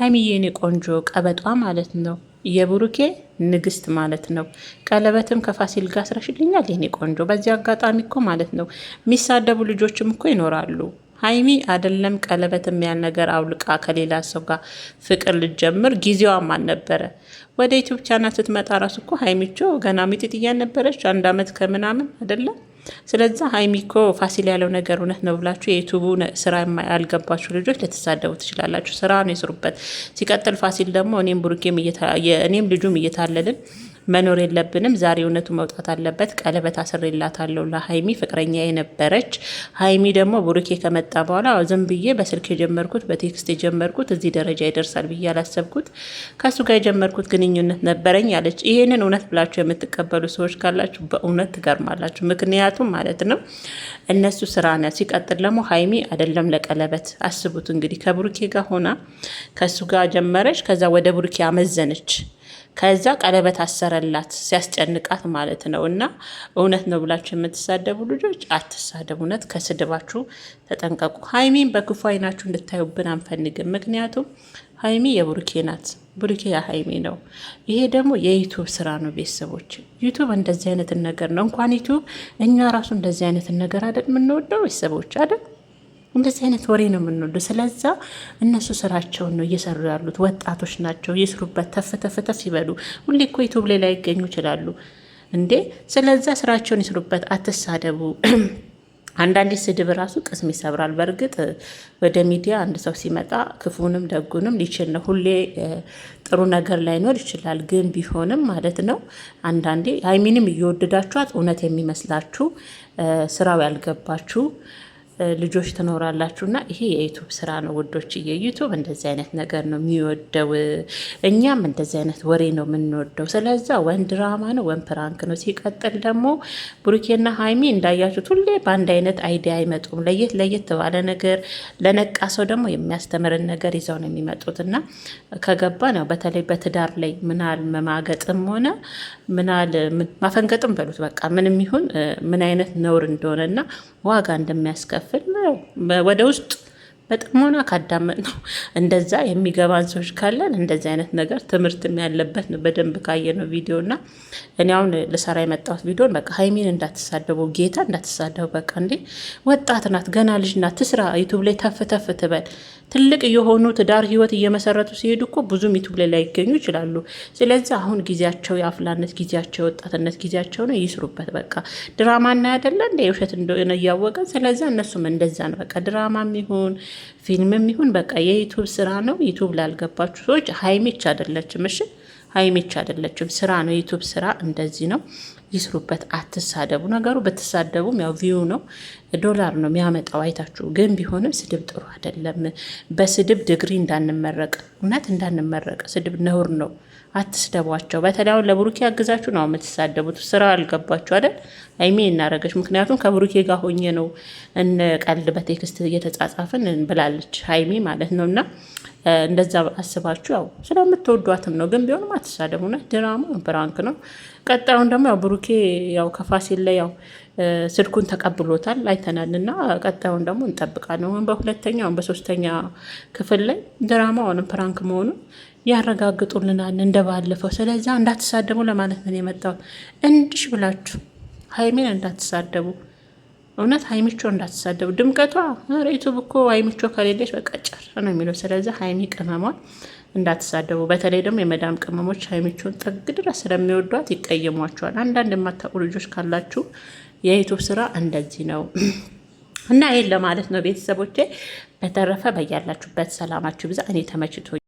ሀይሚዬ የኔ ቆንጆ ቀበጧ ማለት ነው። የብሩኬ ንግስት ማለት ነው። ቀለበትም ከፋሲል ጋር አስረሽልኛል የኔ ቆንጆ። በዚህ አጋጣሚ እኮ ማለት ነው የሚሳደቡ ልጆችም እኮ ይኖራሉ። ሀይሚ አይደለም ቀለበት የሚያል ነገር አውልቃ ከሌላ ሰው ጋር ፍቅር ልጀምር ጊዜዋም አልነበረ። ወደ ኢትዮጵያና ስትመጣ ራሱ እኮ ሀይሚቾ ገና ሚጢጥያ ነበረች። አንድ አመት ከምናምን አይደለም ስለዛ ሀይሚ ፋሲል ያለው ነገር እውነት ነው ብላችሁ የዩቱቡ ስራ ያልገባችሁ ልጆች ልትሳደቡ ትችላላችሁ። ስራ ነው የስሩበት። ሲቀጥል ፋሲል ደግሞ እኔም ብሩኬም እኔም ልጁም እየታለልን መኖር የለብንም። ዛሬ እውነቱ መውጣት አለበት። ቀለበት አስሬላታለሁ ለሀይሚ ፍቅረኛ የነበረች ሀይሚ ደግሞ ብሩኬ ከመጣ በኋላ ዝም ብዬ በስልክ የጀመርኩት በቴክስት የጀመርኩት እዚህ ደረጃ ይደርሳል ብዬ አላሰብኩት ከእሱ ጋር የጀመርኩት ግንኙነት ነበረኝ አለች። ይህንን እውነት ብላችሁ የምትቀበሉ ሰዎች ካላችሁ በእውነት ትገርማላችሁ። ምክንያቱም ማለት ነው እነሱ ስራ ነ ሲቀጥል ደግሞ ሀይሚ አይደለም ለቀለበት አስቡት እንግዲህ ከብሩኬ ጋር ሆና ከእሱ ጋር ጀመረች፣ ከዛ ወደ ብሩኬ አመዘነች። ከዛ ቀለበት አሰረላት ሲያስጨንቃት ማለት ነው። እና እውነት ነው ብላችሁ የምትሳደቡ ልጆች አትሳደቡ። እውነት ከስድባችሁ ተጠንቀቁ። ሀይሚን በክፉ አይናችሁ እንድታዩብን አንፈልግም። ምክንያቱም ሀይሚ የቡርኬ ናት፣ ቡርኬ የሀይሚ ነው። ይሄ ደግሞ የዩቱብ ስራ ነው። ቤተሰቦች ዩቱብ እንደዚህ አይነትን ነገር ነው። እንኳን ዩቱብ እኛ ራሱ እንደዚህ አይነትን ነገር አደል የምንወደው ቤተሰቦች አደል እንደዚህ አይነት ወሬ ነው የምንወደው። ስለዛ እነሱ ስራቸውን ነው እየሰሩ ያሉት። ወጣቶች ናቸው፣ ይስሩበት። ተፍ ተፍ ተፍ ይበሉ። ሁሌ እኮ ዩቱብ ላይ ላይገኙ ይችላሉ እንዴ። ስለዛ ስራቸውን ይስሩበት፣ አትሳደቡ። አንዳንዴ ስድብ ራሱ ቅስም ይሰብራል። በእርግጥ ወደ ሚዲያ አንድ ሰው ሲመጣ ክፉንም ደጉንም ሊችል ነው። ሁሌ ጥሩ ነገር ላይኖር ይችላል። ግን ቢሆንም ማለት ነው አንዳንዴ ሀይሚንም እየወደዳችኋት እውነት የሚመስላችሁ ስራው ያልገባችሁ ልጆች ትኖራላችሁ እና ይሄ የዩቱብ ስራ ነው ውዶች። የዩቱብ እንደዚህ አይነት ነገር ነው የሚወደው። እኛም እንደዚህ አይነት ወሬ ነው የምንወደው። ስለዛ ወን ድራማ ነው ወን ፕራንክ ነው። ሲቀጥል ደግሞ ብሩኬና ሀይሚ እንዳያችሁት ሁሌ በአንድ አይነት አይዲያ አይመጡም። ለየት ለየት ባለ ነገር ለነቃ ሰው ደግሞ የሚያስተምርን ነገር ይዘው ነው የሚመጡት እና ከገባ ነው በተለይ በትዳር ላይ ምናል መማገጥም ሆነ ምናል ማፈንገጥም በሉት በቃ ምንም ይሁን ምን አይነት ነውር እንደሆነና ዋጋ እንደሚያስከፍ ክፍል ወደ ውስጥ በጥሞና ካዳመጥ ነው እንደዛ የሚገባን ሰዎች ካለን እንደዚ አይነት ነገር ትምህርትም ያለበት ነው። በደንብ ካየ ነው ቪዲዮ እና እኔ አሁን ልሰራ የመጣሁት ቪዲዮን በቃ ሀይሚን እንዳትሳደቡ፣ ጌታ እንዳትሳደቡ። በቃ እንዴ ወጣት ናት፣ ገና ልጅ ናት፣ ትስራ፣ ዩቱብ ላይ ተፍ ተፍ ትበል። ትልቅ የሆኑ ትዳር ህይወት እየመሰረቱ ሲሄዱ እኮ ብዙም ዩቱብ ላይ ላይገኙ ይችላሉ። ስለዚህ አሁን ጊዜያቸው የአፍላነት ጊዜያቸው የወጣትነት ጊዜያቸው ነው፣ ይስሩበት። በቃ ድራማ እና ያደለ እንደ ውሸት እንደሆነ እያወቀን ስለዚ እነሱም እንደዛ ነው በቃ ድራማ የሚሆን ፊልምም ይሁን በቃ የዩቱብ ስራ ነው። ዩቱብ ላልገባችሁ ሰዎች ሀይሚች አይደለችም። እሺ ሀይሚች አይደለችም፣ ስራ ነው። ዩቱብ ስራ እንደዚህ ነው። ይስሩበት፣ አትሳደቡ። ነገሩ ብትሳደቡም ያው ቪው ነው ዶላር ነው የሚያመጣው። አይታችሁ ግን ቢሆንም ስድብ ጥሩ አይደለም። በስድብ ድግሪ እንዳንመረቅ፣ እውነት እንዳንመረቅ። ስድብ ነውር ነው። አትስደቧቸው። በተለይ አሁን ለብሩኬ ያግዛችሁ ነው የምትሳደቡት። ስራ አልገባችሁ አይደል? አይሜ እናረገች። ምክንያቱም ከብሩኬ ጋር ሆኜ ነው እንቀልድ በቴክስት እየተጻጻፍን ብላለች ሀይሜ ማለት ነው። እና እንደዛ አስባችሁ ያው ስለምትወዷትም ነው። ግን ቢሆንም አትሳደቡ። ድራማ ብራንክ ነው። ቀጣዩን ደግሞ ያው ብሩኬ ያው ከፋሲል ላይ ያው ስልኩን ተቀብሎታል አይተናል። እና ቀጣዩን ደግሞ እንጠብቃለን። ወይም በሶስተኛ ክፍል ላይ ድራማውንም ፕራንክ መሆኑን ያረጋግጡልናል እንደባለፈው። ስለዚያ እንዳትሳደቡ ለማለት ነው የመጣው እንድሽ ብላችሁ ሀይሜን እንዳትሳደቡ እውነት ሀይሚቾ እንዳትሳደቡ። ድምቀቷ ሬቱ ብኮ ሀይሚቾ ከሌለች በቃ ነው የሚለው። ስለዚህ ሀይሚ ቅመሟ እንዳትሳደቡ። በተለይ ደግሞ የመዳም ቅመሞች ሀይሚቾን ጥግ ድረስ ስለሚወዷት ይቀየሟቸዋል። አንዳንድ የማታውቁ ልጆች ካላችሁ የዩቱብ ስራ እንደዚህ ነው እና ይህን ለማለት ነው ቤተሰቦቼ። በተረፈ በያላችሁበት ሰላማችሁ ብዛ። እኔ ተመችቶ